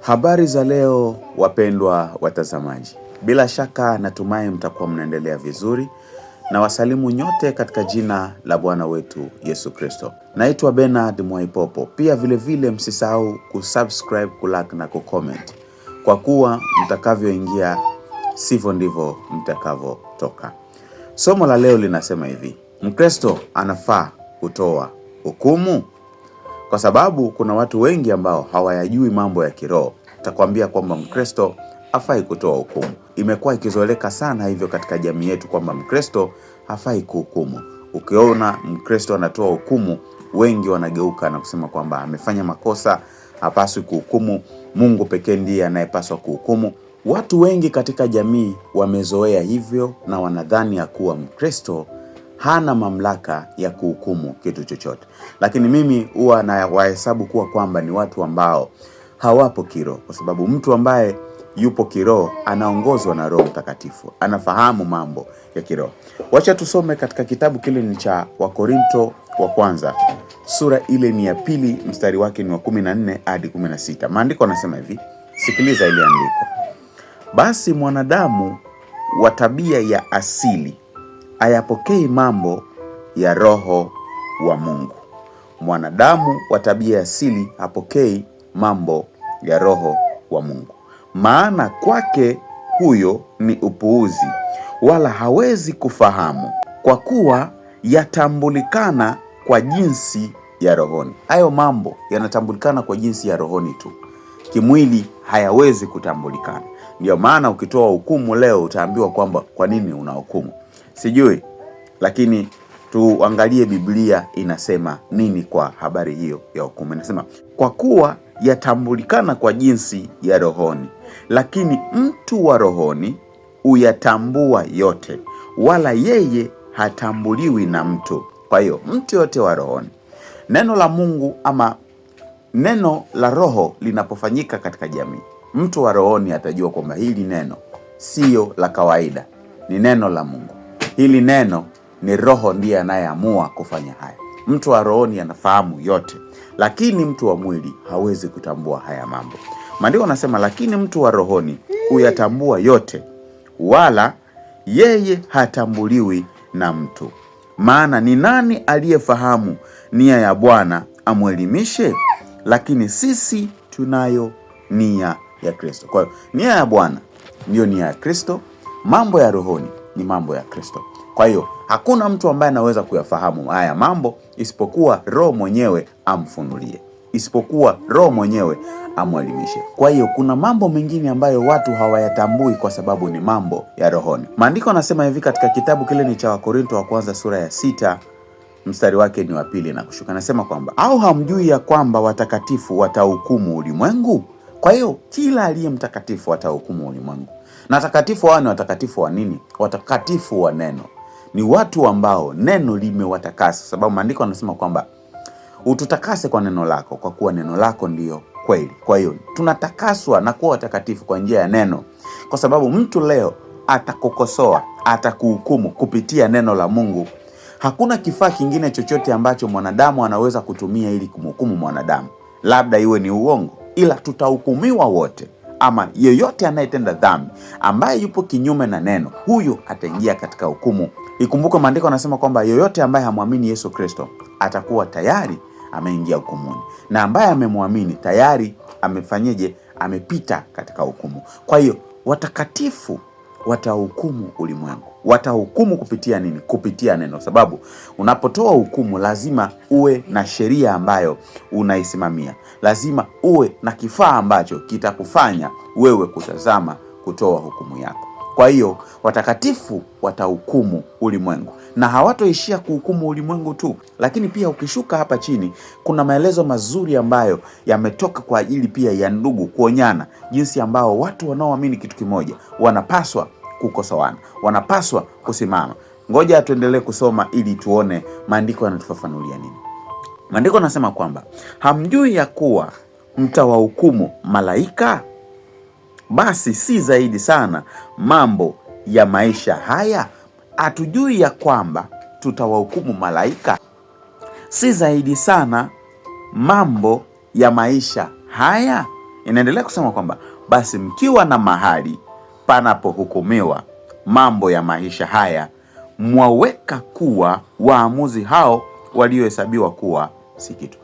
Habari za leo wapendwa watazamaji, bila shaka natumai mtakuwa mnaendelea vizuri na wasalimu nyote katika jina la Bwana wetu Yesu Kristo. Naitwa Bernard Mwaipopo. Pia vilevile vile msisahau kusubscribe, kulike na kucomment, kwa kuwa mtakavyoingia sivyo ndivyo mtakavyotoka. Somo la leo linasema hivi: Mkristo anafaa kutoa hukumu? kwa sababu kuna watu wengi ambao hawayajui mambo ya kiroho. Takwambia kwamba Mkristo hafai kutoa hukumu. Imekuwa ikizoeleka sana hivyo katika jamii yetu kwamba Mkristo hafai kuhukumu. Ukiona Mkristo anatoa hukumu, wengi wanageuka na kusema kwamba amefanya makosa, hapaswi kuhukumu, Mungu pekee ndiye anayepaswa kuhukumu. Watu wengi katika jamii wamezoea hivyo na wanadhani ya kuwa Mkristo hana mamlaka ya kuhukumu kitu chochote, lakini mimi huwa nawahesabu kuwa kwamba ni watu ambao hawapo kiroho, kwa sababu mtu ambaye yupo kiroho anaongozwa na Roho Mtakatifu, anafahamu mambo ya kiroho. Wacha tusome katika kitabu kile ni cha Wakorinto wa kwanza sura ile ni ya pili mstari wake ni wa 14 hadi 16. Maandiko anasema hivi, sikiliza ile andiko: basi mwanadamu wa tabia ya asili hayapokei mambo ya roho wa Mungu. Mwanadamu wa tabia asili hapokei mambo ya roho wa Mungu, maana kwake huyo ni upuuzi, wala hawezi kufahamu kwa kuwa yatambulikana kwa jinsi ya rohoni. Hayo mambo yanatambulikana kwa jinsi ya rohoni tu, kimwili hayawezi kutambulikana. Ndiyo maana ukitoa hukumu leo utaambiwa kwamba kwa nini unahukumu sijui, lakini tuangalie Biblia inasema nini kwa habari hiyo ya hukumu. Inasema kwa kuwa yatambulikana kwa jinsi ya rohoni, lakini mtu wa rohoni huyatambua yote, wala yeye hatambuliwi na mtu. Kwa hiyo mtu yote wa rohoni, neno la Mungu ama neno la Roho linapofanyika katika jamii, mtu wa rohoni atajua kwamba hili neno siyo la kawaida, ni neno la Mungu. Hili neno ni Roho ndiye anayeamua kufanya haya. Mtu wa rohoni anafahamu yote, lakini mtu wa mwili hawezi kutambua haya mambo. Maandiko anasema, lakini mtu wa rohoni huyatambua yote, wala yeye hatambuliwi na mtu. Maana ni nani aliyefahamu nia ya Bwana amwelimishe? Lakini sisi tunayo nia ya Kristo. Kwa hiyo nia ya Bwana ndiyo nia ya Kristo. Mambo ya rohoni ni mambo ya Kristo. Kwa hiyo hakuna mtu ambaye anaweza kuyafahamu haya mambo isipokuwa Roho mwenyewe amfunulie, isipokuwa Roho mwenyewe amwelimishe. Kwa hiyo kuna mambo mengine ambayo watu hawayatambui kwa sababu ni mambo ya rohoni. Maandiko anasema hivi katika kitabu kile ni cha Wakorinto wa kwanza sura ya sita mstari wake ni wa pili na kushuka, anasema kwamba au hamjui ya kwamba watakatifu watahukumu ulimwengu? Kwa hiyo kila aliye mtakatifu atahukumu ulimwengu. Na watakatifu hawa ni watakatifu wa nini? Watakatifu wa neno. Ni watu ambao neno limewatakasa, sababu maandiko anasema kwamba ututakase kwa neno lako, kwa kuwa neno lako ndiyo kweli. Kwa hiyo tunatakaswa na kuwa watakatifu kwa njia ya neno, kwa sababu mtu leo atakukosoa, atakuhukumu kupitia neno la Mungu. Hakuna kifaa kingine chochote ambacho mwanadamu anaweza kutumia ili kumhukumu mwanadamu, labda iwe ni uongo, ila tutahukumiwa wote ama yeyote anayetenda dhambi ambaye yupo kinyume na neno, huyu ataingia katika hukumu. Ikumbuke maandiko anasema kwamba yeyote ambaye hamwamini Yesu Kristo atakuwa tayari ameingia hukumuni, na ambaye amemwamini tayari amefanyeje? Amepita katika hukumu. Kwa hiyo watakatifu watahukumu ulimwengu. Watahukumu kupitia nini? Kupitia neno, sababu unapotoa hukumu lazima uwe na sheria ambayo unaisimamia, lazima uwe na kifaa ambacho kitakufanya wewe kutazama kutoa hukumu yako. Kwa hiyo watakatifu watahukumu ulimwengu na hawatoishia kuhukumu ulimwengu tu, lakini pia ukishuka hapa chini kuna maelezo mazuri ambayo yametoka kwa ajili pia ya ndugu kuonyana jinsi ambao watu wanaoamini kitu kimoja wanapaswa kukosoana, wanapaswa kusimama. Ngoja tuendelee kusoma ili tuone maandiko yanatufafanulia nini. Maandiko anasema kwamba hamjui ya kuwa mtawahukumu malaika basi si zaidi sana mambo ya maisha haya, hatujui ya kwamba tutawahukumu malaika? Si zaidi sana mambo ya maisha haya? Inaendelea kusema kwamba basi mkiwa na mahali panapohukumiwa mambo ya maisha haya, mwaweka kuwa waamuzi hao waliohesabiwa kuwa si kitu.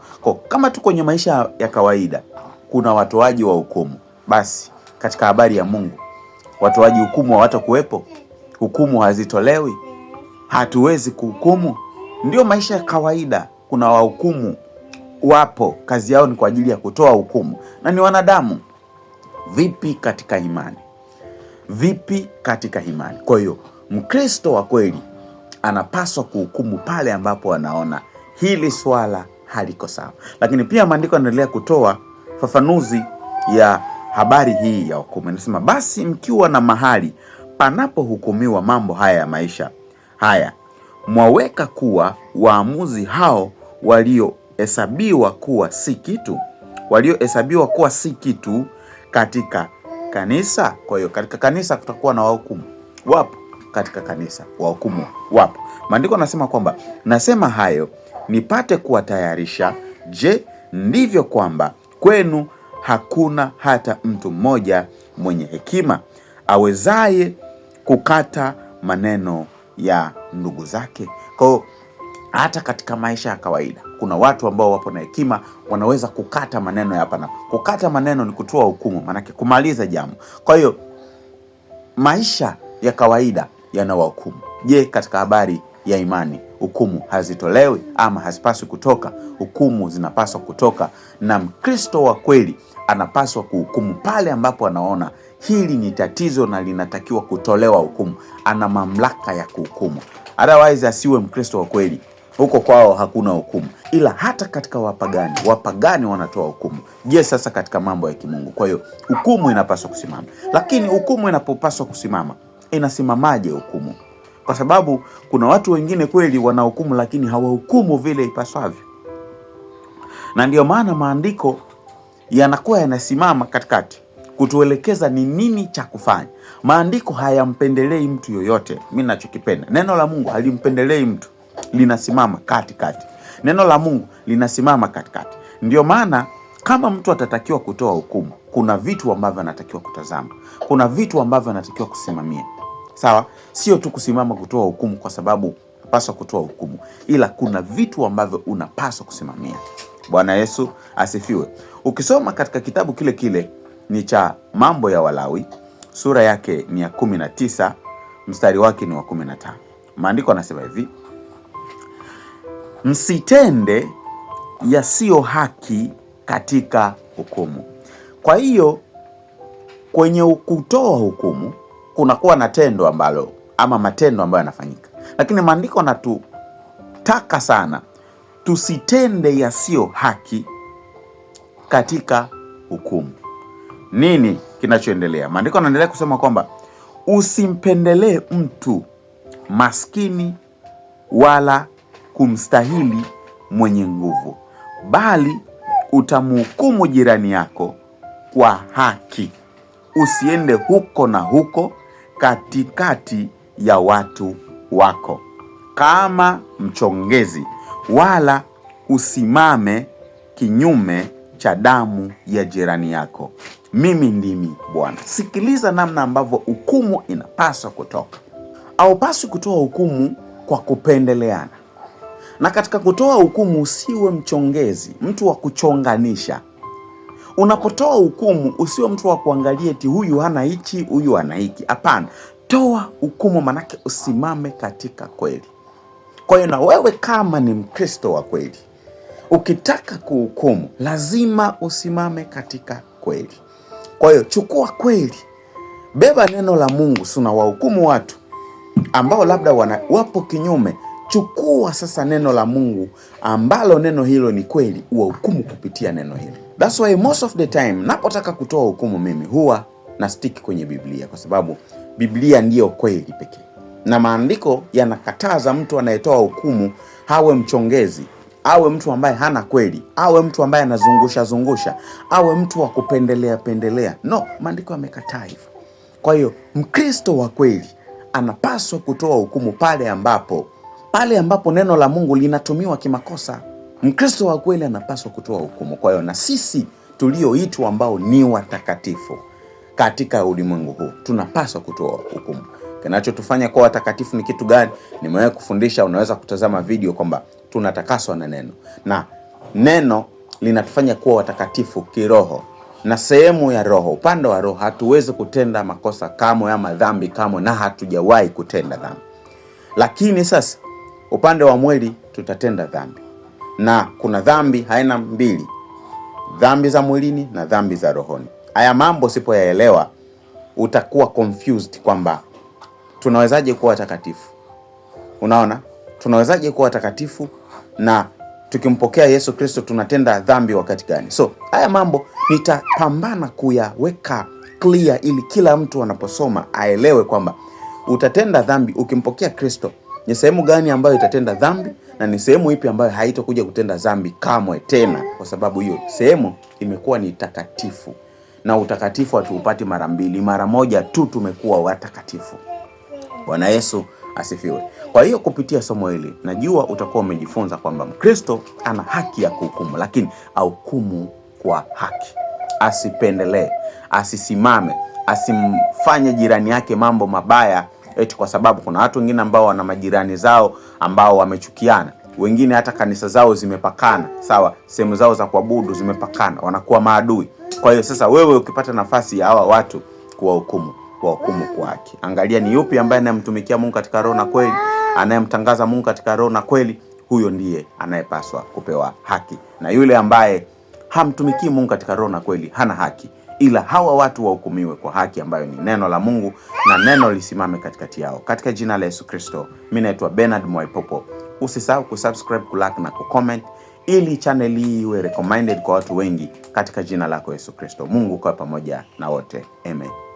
kama tu kwenye maisha ya kawaida kuna watoaji wa hukumu, basi katika habari ya Mungu. Watoaji hukumu hawatakuwepo, hukumu hazitolewi, hatuwezi kuhukumu. Ndio maisha ya kawaida. Kuna wahukumu wapo, kazi yao ni kwa ajili ya kutoa hukumu, na ni wanadamu. Vipi katika imani? Vipi katika imani? Kwa hiyo Mkristo wa kweli anapaswa kuhukumu pale ambapo anaona hili swala haliko sawa, lakini pia maandiko yanaendelea kutoa fafanuzi ya habari hii ya hukumu inasema, basi mkiwa na mahali panapohukumiwa mambo haya ya maisha haya, mwaweka kuwa waamuzi hao waliohesabiwa kuwa si kitu, waliohesabiwa kuwa si kitu katika kanisa. Kwa hiyo katika kanisa kutakuwa na wahukumu, wapo katika kanisa wahukumu wapo. Maandiko anasema kwamba nasema hayo nipate kuwatayarisha. Je, ndivyo kwamba kwenu hakuna hata mtu mmoja mwenye hekima awezaye kukata maneno ya ndugu zake. Kwa hiyo hata katika maisha ya kawaida kuna watu ambao wapo na hekima, wanaweza kukata maneno ya hapana. kukata maneno ni kutoa hukumu, maanake kumaliza jambo. Kwa hiyo maisha ya kawaida yanawahukumu. Je, katika habari ya imani hukumu hazitolewi ama hazipaswi kutoka, hukumu zinapaswa kutoka, na Mkristo wa kweli anapaswa kuhukumu pale ambapo anaona hili ni tatizo na linatakiwa kutolewa hukumu. Ana mamlaka ya kuhukumu, otherwise asiwe Mkristo wa kweli. Huko kwao hakuna hukumu, ila hata katika wapagani, wapagani wanatoa hukumu. Je, sasa katika mambo ya kimungu? Kwa hiyo hukumu inapaswa kusimama, lakini hukumu inapopaswa kusimama, inasimamaje hukumu? kwa sababu kuna watu wengine kweli wanahukumu, lakini hawahukumu vile ipasavyo, na ndio maana maandiko yanakuwa yanasimama katikati kutuelekeza ni nini cha kufanya. Maandiko hayampendelei mtu yoyote. Mi nachokipenda neno la Mungu halimpendelei mtu, linasimama katikati. Neno la Mungu linasimama katikati. Ndio maana kama mtu atatakiwa kutoa hukumu, kuna vitu ambavyo anatakiwa kutazama, kuna vitu ambavyo anatakiwa kusimamia sawa, sio tu kusimama kutoa hukumu, kwa sababu unapaswa kutoa hukumu, ila kuna vitu ambavyo unapaswa kusimamia. Bwana Yesu asifiwe. Ukisoma katika kitabu kile kile ni cha Mambo ya Walawi sura yake ni ya kumi na tisa mstari wake ni wa kumi na tano maandiko anasema hivi: msitende yasiyo haki katika hukumu. Kwa hiyo kwenye kutoa hukumu kunakuwa na tendo ambalo ama matendo ambayo yanafanyika, lakini maandiko anatutaka sana tusitende yasiyo haki katika hukumu. Nini kinachoendelea? Maandiko anaendelea kusema kwamba usimpendelee mtu maskini wala kumstahili mwenye nguvu, bali utamhukumu jirani yako kwa haki. Usiende huko na huko, katikati ya watu wako kama mchongezi, wala usimame kinyume cha damu ya jirani yako. Mimi ndimi Bwana. Sikiliza namna ambavyo hukumu inapaswa kutoka. Haupaswi kutoa hukumu kwa kupendeleana, na katika kutoa hukumu usiwe mchongezi, mtu wa kuchonganisha. Unapotoa hukumu usiwe mtu wa kuangalia eti huyu hana hichi, huyu ana hiki. Hapana, toa hukumu, manake usimame katika kweli. Kwa hiyo na wewe kama ni Mkristo wa kweli, ukitaka kuhukumu lazima usimame katika kweli. Kwa hiyo chukua kweli, beba neno la Mungu, sina wahukumu watu ambao labda wana, wapo kinyume chukua sasa neno la Mungu ambalo neno hilo ni kweli, uwahukumu kupitia neno hilo. That's why most of the time napotaka kutoa hukumu mimi huwa na stick kwenye Biblia, kwa sababu Biblia ndiyo kweli pekee, na maandiko yanakataza mtu anayetoa hukumu hawe mchongezi, awe mtu ambaye hana kweli, awe mtu ambaye anazungusha zungusha, awe mtu wa kupendelea pendelea. No, maandiko yamekataa hivyo. Kwa hiyo Mkristo wa kweli anapaswa kutoa hukumu pale ambapo pale ambapo neno la Mungu linatumiwa kimakosa. Mkristo wa kweli anapaswa kutoa hukumu. Kwa hiyo na sisi tulioitwa ambao ni watakatifu katika ulimwengu huu tunapaswa kutoa hukumu. Kinachotufanya kuwa watakatifu ni kitu gani? Nimewahi kufundisha, unaweza kutazama video kwamba tunatakaswa na neno, na neno linatufanya kuwa watakatifu kiroho na sehemu ya roho, upande wa roho, hatuwezi kutenda makosa kamwe ama dhambi kamwe, na hatujawahi kutenda dhambi. Lakini sasa upande wa mwili tutatenda dhambi, na kuna dhambi haina mbili, dhambi za mwilini na dhambi za rohoni. Haya mambo usipoyaelewa utakuwa confused kwamba tunawezaje kuwa takatifu Unaona, tunawezaje kuwa takatifu na tukimpokea Yesu Kristo tunatenda dhambi wakati gani? So haya mambo nitapambana kuyaweka clear, ili kila mtu anaposoma aelewe kwamba utatenda dhambi ukimpokea Kristo ni sehemu gani ambayo itatenda dhambi na ni sehemu ipi ambayo haitokuja kutenda dhambi kamwe tena, kwa sababu hiyo sehemu imekuwa ni takatifu. Na utakatifu hatuupati mara mbili, mara moja tu tumekuwa watakatifu. Bwana Yesu asifiwe. Kwa hiyo kupitia somo hili najua utakuwa umejifunza kwamba Mkristo ana haki ya kuhukumu, lakini ahukumu kwa haki, asipendelee, asisimame, asimfanye jirani yake mambo mabaya eti kwa sababu kuna watu wengine ambao wana majirani zao ambao wamechukiana, wengine hata kanisa zao zimepakana, sawa, sehemu zao za kuabudu zimepakana, wanakuwa maadui. Kwa hiyo sasa, wewe ukipata nafasi ya hawa watu kuwahukumu, kuwahukumu kwa angalia ni yupi ambaye anayemtumikia Mungu katika roho na kweli, anayemtangaza Mungu katika roho na kweli, huyo ndiye anayepaswa kupewa haki, na yule ambaye hamtumikii Mungu katika roho na kweli hana haki ila hawa watu wahukumiwe kwa haki ambayo ni neno la Mungu na neno lisimame katikati yao, katika jina la Yesu Kristo. Mimi naitwa Bernard Mwaipopo. Usisahau kusubscribe, kulike na kucomment ili channel hii iwe recommended kwa watu wengi, katika jina lako Yesu Kristo. Mungu kwa pamoja na wote, amen.